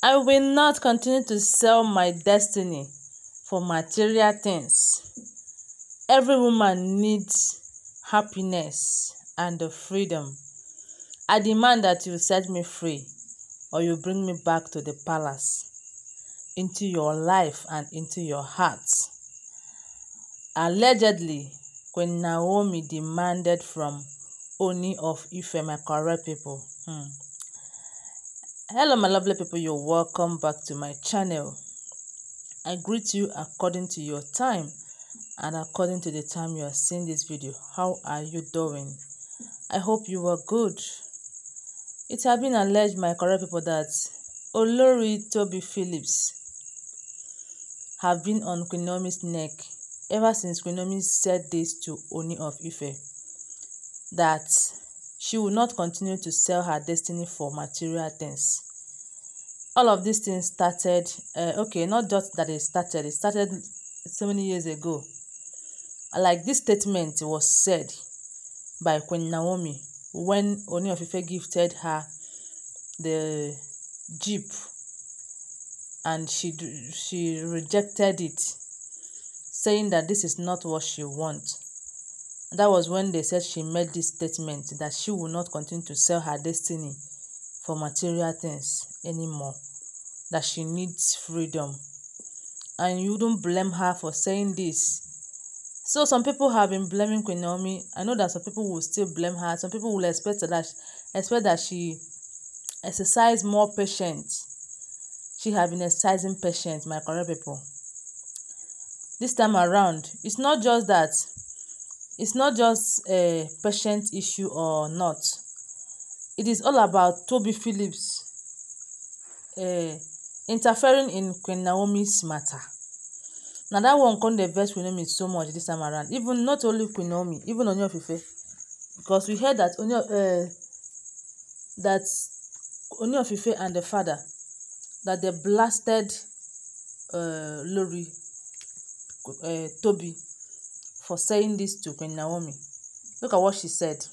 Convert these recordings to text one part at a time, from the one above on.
I will not continue to sell my destiny for material things. Every woman needs happiness and the freedom. I demand that you set me free or you bring me back to the palace, into your life and into your heart. Allegedly, Queen Naomi demanded from Oni of Ife, my correct people. Hmm hello my lovely people you're welcome back to my channel i greet you according to your time and according to the time you are seeing this video how are you doing i hope you are good it has been alleged my correct people that olori toby phillips have been on queen neck ever since queen said this to oni of ife that She will not continue to sell her destiny for material things. All of these things started, uh, okay, not just that it started, it started so many years ago. Like this statement was said by Queen Naomi when Oni of gifted her the jeep and she she rejected it saying that this is not what she wants that was when they said she made this statement that she will not continue to sell her destiny for material things anymore, that she needs freedom. And you don't blame her for saying this. So some people have been blaming Queen Naomi. I know that some people will still blame her. Some people will expect that expect that she exercise more patience. She have been exercising patience, my correct people. This time around, it's not just that it's not just a patient issue or not it is all about toby phillips um interfering in queen naomi's matter Now that one come dey vex queen naomi so much this time around even not only queen naomi even ooni of because we heard that ooni uh, eh, that ooni of and the father that they blasted uh, lori uh, toby for saying this to Queen Naomi. Look at what she said.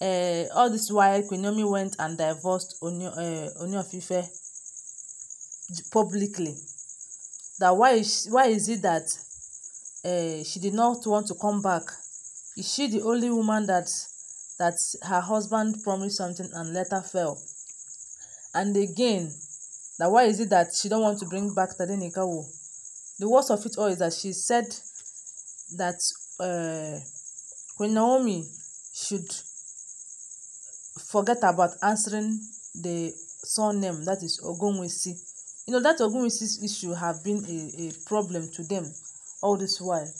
Uh, all this while, Queen Naomi went and divorced Oni, uh, eh, Ife publicly. That why is, why is it that uh, she did not want to come back? Is she the only woman that that her husband promised something and later fell? And again, that why is it that she don't want to bring back Tadenikawo? The worst of it all is that she said that uh, Queen Naomi should forget about answering the surname that is Ogunwusi. You know that Ogunwusi's issue have been a, a problem to them all this while.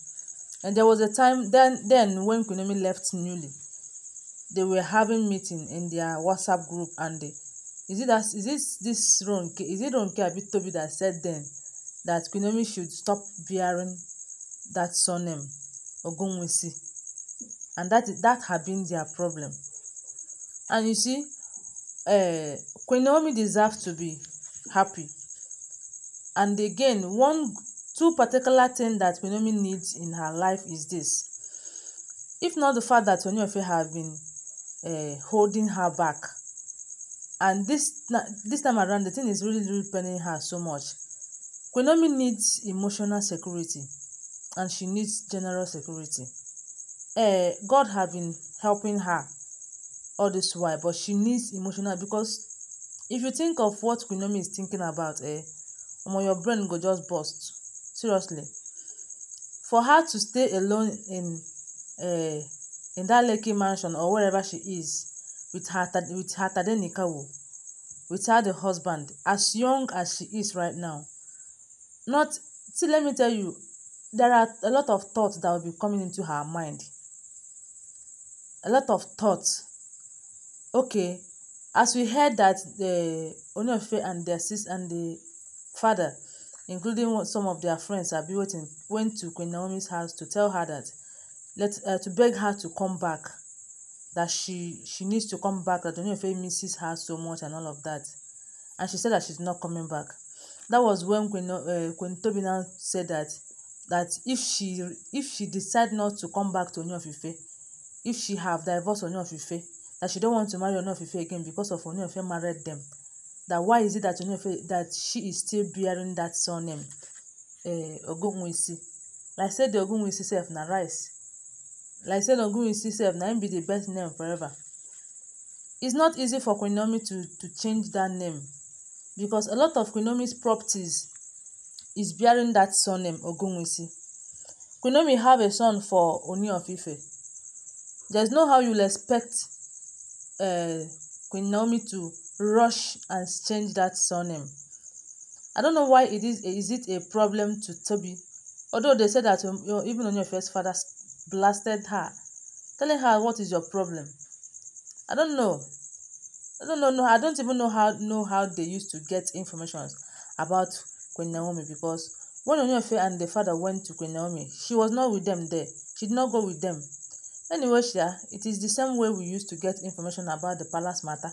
And there was a time then then when Queen Naomi left newly, they were having meeting in their WhatsApp group and they, is it that is this this Ronke is it Ronke Abitobi that said then that Queen should stop bearing that surname Ogunwusi, and that that had been their problem. And you see, uh, Queen Naomi deserves to be happy. And again, one two particular things that Queen Naomi needs in her life is this. If not the fact that you have been uh, holding her back, and this this time around, the thing is really really paining her so much. Queen Naomi needs emotional security and she needs general security. Uh, God have been helping her all this while, but she needs emotional because if you think of what Kunomi is thinking about, eh, um, your brain go just burst. Seriously. For her to stay alone in uh, in that Lekki mansion or wherever she is with her with her Tadenikawo, without a husband, as young as she is right now, not see, let me tell you, there are a lot of thoughts that will be coming into her mind. A lot of thoughts. Okay, as we heard that the Onyefe and their sis and the father, including some of their friends, waiting. went to Queen Naomi's house to tell her that, let uh, to beg her to come back, that she she needs to come back, that Onyefe misses her so much and all of that, and she said that she's not coming back. That was when Queen, uh, Queen Toby now said that that if she if she decide not to come back to Ooni if she have divorced Ooni that she don't want to marry Ooni again because of Ooni married them that why is it that Ooni that she is still bearing that surname uh, eh, Ogunwusi like say the Ogunwusi sef na rice like I said, Ogunwusi sef na him be the best name forever it's not easy for Queen to to change that name because a lot of Queen properties is bearing that surname Ogunwusi. Kunomi have a son for Oni of Ife. There's no how you'll expect uh, to rush and change that surname. I don't know why it is. Is it a problem to Toby? Although they said that um, even on your first father blasted her, telling her what is your problem. I don't know. I don't know. No, I don't even know how know how they used to get information about Queen Naomi because when Onyefe and the father went to Queen Naomi, she was not with them there. She did not go with them. Anyway, Shia, it is the same way we used to get information about the palace matter.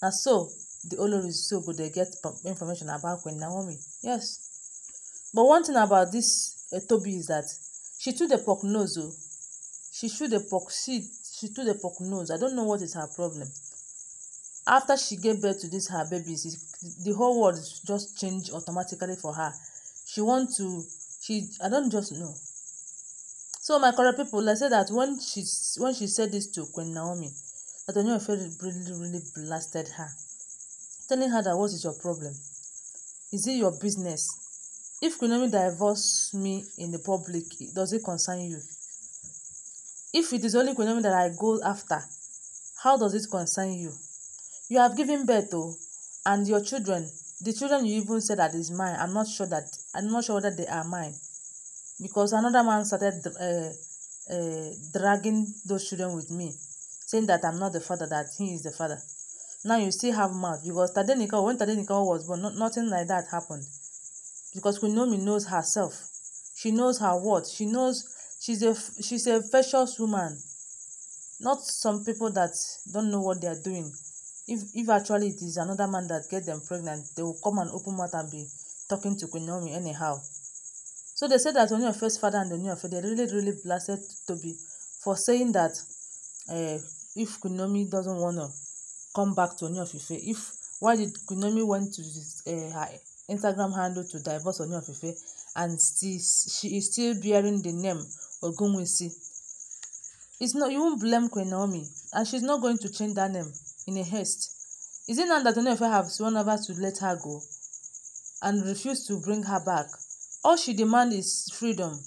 Now, so, the Oloris so good they get information about Queen Naomi. Yes. But one thing about this uh, Toby is that she took the pork nose. Oh. She took the pork seed. She took the pork nose. I don't know what is her problem. after she gave birth to this her babies the whole world just changed automatically for her she want to she i don't just know so my correct people I say that when she when she said this to queen naomi that onyofe really really blasted her telling her that what is your problem is it your business if queen naomi divorce me in the public does it concern you if it is only queen naomi that i go after how does it concern you you have given birth to, oh, and your children, the children you even said that is mine, I'm not sure that, I'm not sure that they are mine. Because another man started uh, uh, dragging those children with me, saying that I'm not the father, that he is the father. Now you still have mouth because Tadenika, when Tadenika was born, no, nothing like that happened. Because Kunomi knows herself. She knows her worth. She knows she's a she's a precious woman. Not some people that don't know what they are doing. if if actually it is another man that get them pregnant they will come and open mouth and be talking to Queen Naomi anyhow so they said that Onioffe's father and Oniofe they really really blasted Toby for saying that uh, if Queen Naomi doesn't to come back to Oniofife if why did Queen Naomi went to this, uh, her Instagram handle to divorce Oniofife and still she is still bearing the name Ogunwusi it's not you won't blame Queen Naomi and she's not going to change that name in a haste. Is it not that Onyefe had sworn ever to let her go and refuse to bring her back? All she demands is freedom.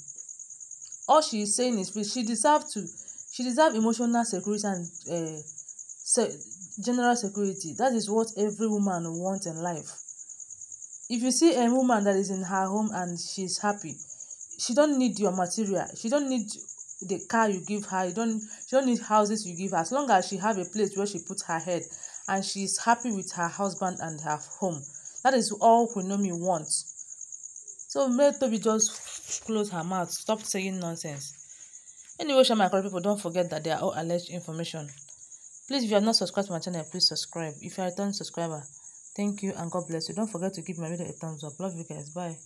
All she is saying is She deserves to. She deserves emotional security and uh, se general security. That is what every woman wants in life. If you see a woman that is in her home and she is happy, she don't need your material. She don't need the car you give her you don't she don't need houses you give her as long as she have a place where she put her head and she's happy with her husband and her home that is all me wants so make Tobi just close her mouth stop saying nonsense anyway share my correct people don't forget that they are all alleged information please if you are not subscribed to my channel please subscribe if you are a return subscriber thank you and god bless you don't forget to give my video a thumbs up love you guys bye